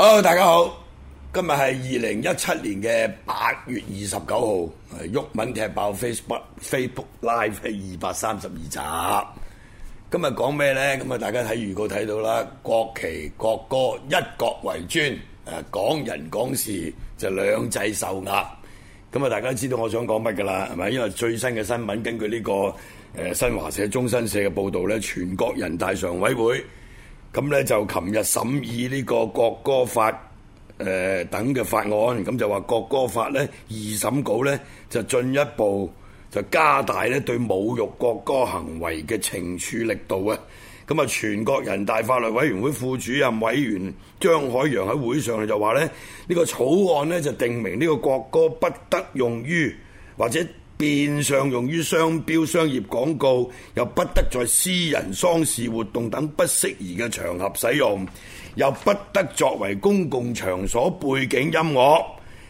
Hello 大家好，今日係二零一七年嘅八月二十九號，喎，毓民踢爆 Facebook, Facebook Live 二百三十二集。今日講咩呢？咁啊，大家睇預告睇到啦，國旗國歌一國為尊，誒，港人港事就兩制受壓。咁啊，大家都知道我想講乜噶啦？係咪？因為最新嘅新聞，根據呢個誒新華社、中新社嘅報道咧，全國人大常委會。咁呢，就琴日審議呢個國歌法等嘅法案，咁就話國歌法呢，二審稿呢，就進一步就加大咧對侮辱國歌行為嘅懲處力度啊！咁啊，全國人大法律委員會副主任委員張海洋喺會上就話咧，呢個草案呢，就定明呢個國歌不得用於或者。變相用於商標、商業廣告，又不得在私人喪事活動等不適宜嘅場合使用，又不得作為公共場所背景音樂。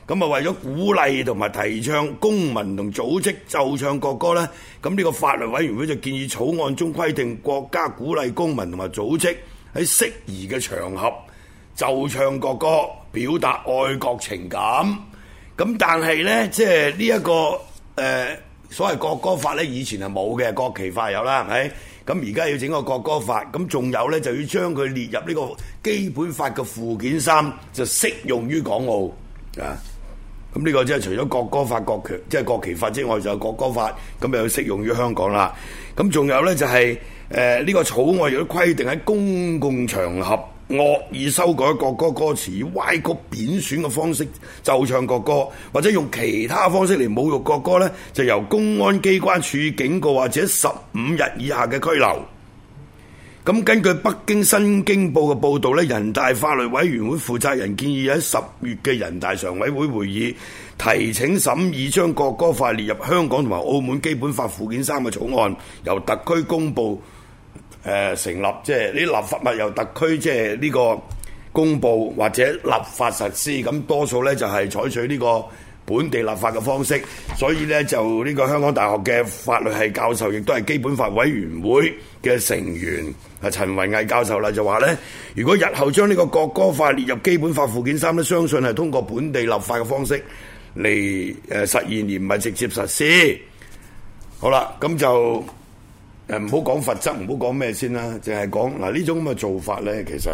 咁啊，為咗鼓勵同埋提倡公民同組織奏唱國歌呢，咁呢個法律委員會就建議草案中規定，國家鼓勵公民同埋組織喺適宜嘅場合奏唱國歌，表達愛國情感。咁但係呢，即係呢一個。誒、呃，所謂國歌法呢，以前係冇嘅，國旗法有啦，係咪？咁而家要整個國歌法，咁仲有呢，就要將佢列入呢個基本法嘅附件三，就適用於港澳啊。咁呢個即係除咗國歌法、國，即係國旗法之外，就有國歌法，咁又要適用於香港啦。咁仲有呢，就係誒呢個草案亦都規定喺公共場合。惡意修改國歌歌詞，以歪曲、貶損嘅方式奏唱國歌，或者用其他方式嚟侮辱國歌呢，就由公安機關處警告或者十五日以下嘅拘留。咁根據北京新京報嘅報導咧，人大法律委員會負責人建議喺十月嘅人大常委會會議提請審議，將國歌法列入香港同埋澳門基本法附件三嘅草案，由特區公布。誒、呃、成立即係啲立法物由特區即係呢個公布或者立法實施，咁多數呢就係、是、採取呢個本地立法嘅方式，所以呢，就呢個香港大學嘅法律系教授，亦都係基本法委員會嘅成員，係陳弘毅教授啦，就話呢如果日後將呢個國歌法列入基本法附件三，都相信係通過本地立法嘅方式嚟誒、呃、實現，而唔係直接實施。好啦，咁就。誒，唔好講法則，唔好講咩先啦，淨係講嗱，呢種咁嘅做法咧，其實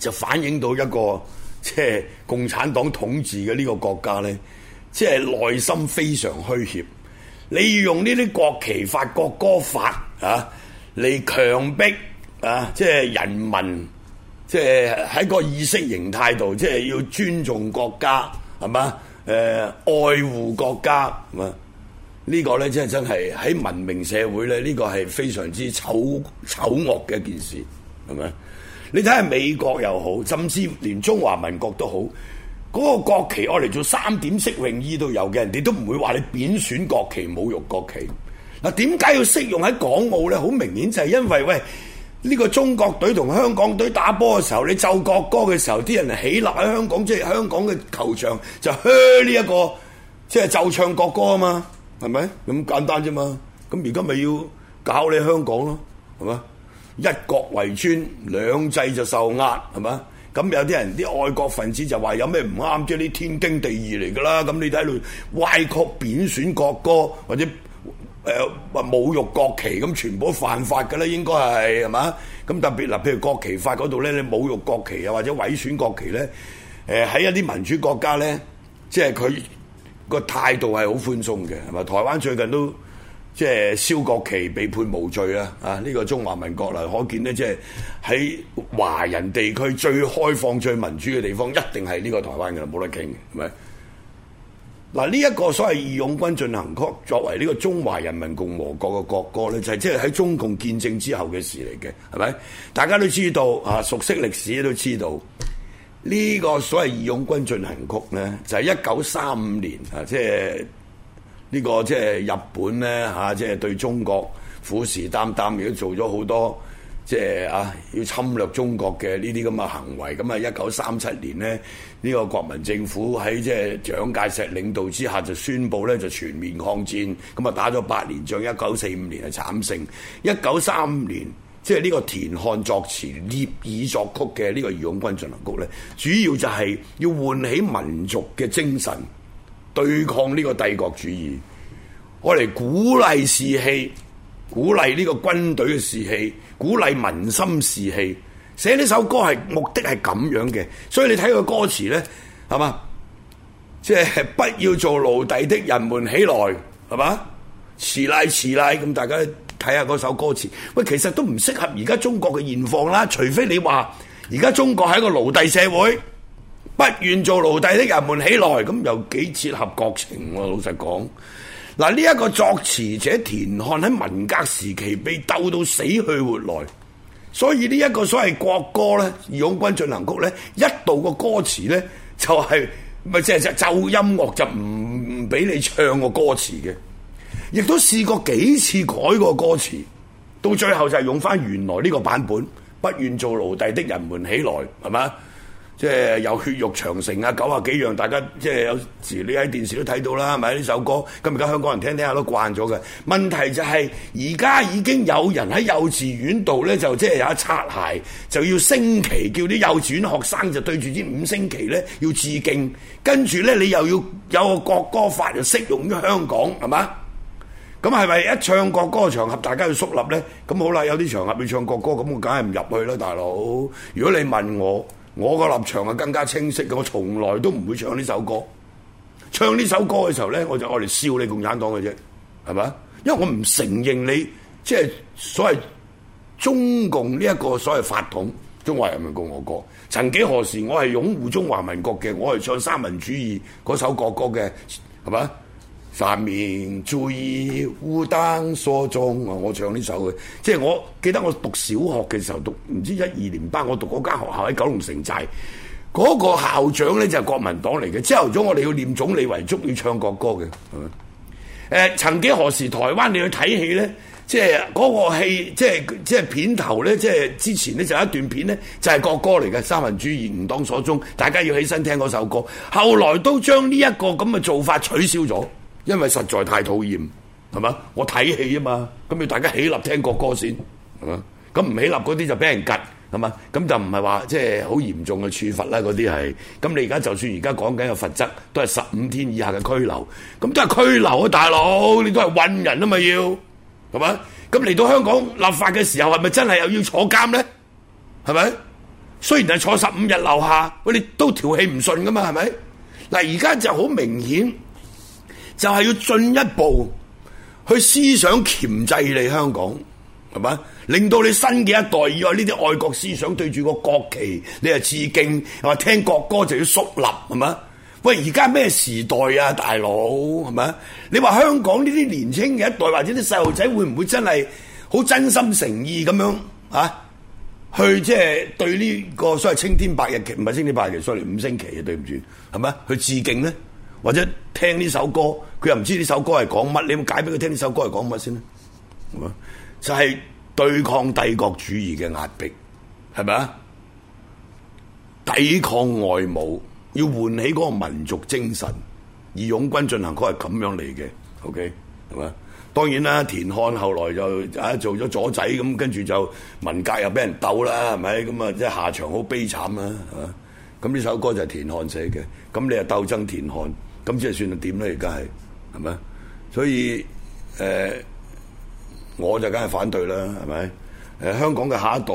就反映到一個即係共產黨統治嘅呢個國家咧，即係內心非常虛怯，你要用呢啲國旗法、國歌法啊，嚟強迫啊，即係人民，即係喺個意識形態度，即係要尊重國家，係嘛，誒，愛護國家係嘛。呢個呢，真係真係喺文明社會呢。呢個係非常之醜醜惡嘅一件事，係咪？你睇下美國又好，甚至連中華民國都好，嗰個國旗我嚟做三點式泳衣都有嘅，人哋都唔會話你貶損國旗、侮辱國旗。嗱，點解要適用喺港澳呢？好明顯就係因為喂，呢個中國隊同香港隊打波嘅時候，你奏國歌嘅時候，啲人係起立喺香港，即係香港嘅球場就哼呢一個，即係奏唱國歌啊嘛～係咪咁簡單啫嘛？咁而家咪要搞你香港咯，係嘛？一國為尊，兩制就受壓，係嘛？咁有啲人啲愛國分子就話有咩唔啱，即係啲天經地義嚟噶啦。咁你睇到歪曲、貶損國歌或者誒、呃、侮辱國旗，咁全部都犯法噶啦，應該係係嘛？咁特別嗱，譬如國旗法嗰度咧，你侮辱國旗啊，或者毀損國旗咧，誒、呃、喺一啲民主國家咧，即係佢。個態度係好寬鬆嘅，係嘛？台灣最近都即係燒國旗被判無罪啦，啊！呢個中華民國啦，可見呢，即係喺華人地區最開放、最民主嘅地方，一定係呢個台灣嘅，冇得傾嘅，係咪？嗱，呢一個所謂義勇軍進行曲作為呢個中華人民共和國嘅國歌咧，就係即係喺中共建政之後嘅事嚟嘅，係咪？大家都知道啊，熟悉歷史都知道。呢個所謂義勇軍進行曲呢，就係一九三五年啊，即係呢個即係、就是、日本呢，嚇、啊，即、就、係、是、對中國虎視眈眈，亦都做咗好多即係、就是、啊要侵略中國嘅呢啲咁嘅行為，咁啊一九三七年呢，呢、這個國民政府喺即係蔣介石領導之下就宣佈呢，就全面抗戰，咁、嗯、啊打咗八年仗，一九四五年係慘勝，一九三五年。即係呢個田漢作詞、聶耳作曲嘅呢個《義勇軍進行曲》咧，主要就係要喚起民族嘅精神，對抗呢個帝國主義，我嚟鼓勵士氣，鼓勵呢個軍隊嘅士氣，鼓勵民心士氣。寫呢首歌係目的係咁樣嘅，所以你睇個歌詞咧，係嘛？即係不要做奴隸的人們起來，係嘛？持賴持賴咁大家。睇下嗰首歌詞，喂，其實都唔適合而家中國嘅現況啦。除非你話而家中國係一個奴隸社會，不願做奴隸的人們起來，咁又幾切合國情啊，老實講，嗱呢一個作詞者田漢喺文革時期被鬥到死去活來，所以呢一個所謂國歌咧《義勇軍進行曲》咧，一度個歌詞咧就係咪即係就係奏音樂就唔唔俾你唱個歌詞嘅。亦都試過幾次改過歌詞，到最後就係用翻原來呢個版本。不願做奴隸的人們起來，係嘛？即係、就是、有血肉長城啊，九啊幾樣，大家即係、就是、有時你喺電視都睇到啦，係咪呢首歌？咁而家香港人聽聽下都慣咗嘅。問題就係而家已經有人喺幼稚園度呢，就即、是、係有一擦鞋，就要升旗，叫啲幼稚園學生就對住啲五星旗呢，要致敬。跟住呢，你又要有個國歌法就適用於香港，係嘛？咁係咪一唱國歌場合大家要肅立咧？咁好啦，有啲場合要唱國歌，咁我梗係唔入去啦，大佬。如果你問我，我個立場係更加清晰嘅，我從來都唔會唱呢首歌。唱呢首歌嘅時候咧，我就愛嚟笑你共產黨嘅啫，係咪？因為我唔承認你即係所謂中共呢一個所謂法統，中華人民共和國。曾幾何時，我係擁護中華民國嘅，我係唱三民主義嗰首國歌嘅，係咪？三民主義吾黨所宗啊！我唱呢首嘅，即係我記得我讀小學嘅時候讀，唔知一二年班，我讀嗰間學校喺九龍城寨，嗰、那個校長咧就係、是、國民黨嚟嘅。朝頭早我哋要念總理遺囑，要唱國歌嘅。誒、呃，曾幾何時，台灣你去睇戲咧？即係嗰、那個戲，即係即係片頭咧，即係之前咧就有一段片咧就係、是、國歌嚟嘅。三民主義吾黨所宗，大家要起身聽嗰首歌。後來都將呢一個咁嘅做法取消咗。因為實在太討厭，係嘛？我睇戲啊嘛，咁要大家起立聽國歌先，係嘛？咁唔起立嗰啲就俾人吉，係嘛？咁就唔係話即係好嚴重嘅處罰啦，嗰啲係。咁你而家就算而家講緊嘅罰則，都係十五天以下嘅拘留，咁都係拘留啊！大佬，你都係混人啊嘛要，係嘛？咁嚟到香港立法嘅時候，係咪真係又要坐監咧？係咪？雖然係坐十五日樓下，喂，你都調氣唔順噶嘛？係咪？嗱，而家就好明顯。就係要進一步去思想鉛製你香港，係嘛？令到你新嘅一代以外呢啲愛國思想，對住個國旗你係致敬，又話聽國歌就要肅立，係嘛？喂，而家咩時代啊，大佬係嘛？你話香港呢啲年青嘅一代或者啲細路仔會唔會真係好真心誠意咁樣啊，去即係對呢個所謂青天白日旗，唔係青天白日旗所 o 五星旗啊，對唔住，係嘛？去致敬咧？或者聽呢首歌，佢又唔知呢首歌係講乜，你要解俾佢聽呢首歌係講乜先咧？就係、係嘛、對抗帝國主義嘅壓迫，係咪啊？抵抗外侮，要喚起嗰個民族精神。義勇軍進行曲係咁樣嚟嘅，OK 係嘛？當然啦，田漢後來就啊做咗左仔咁，跟住就文革又俾人鬥啦，係咪咁啊？即、嗯、係下場好悲慘啦，吓咁呢首歌就係田漢寫嘅，咁你又鬥爭田漢。咁即係算係點咧？而家係係咪？所以誒、呃，我就梗係反對啦，係咪？誒、呃，香港嘅下一代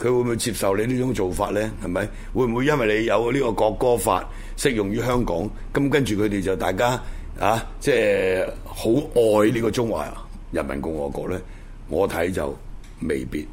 佢會唔會接受你呢種做法咧？係咪？會唔會因為你有呢個國歌法適用於香港，咁跟住佢哋就大家啊，即係好愛呢個中華人民共和國咧？我睇就未必。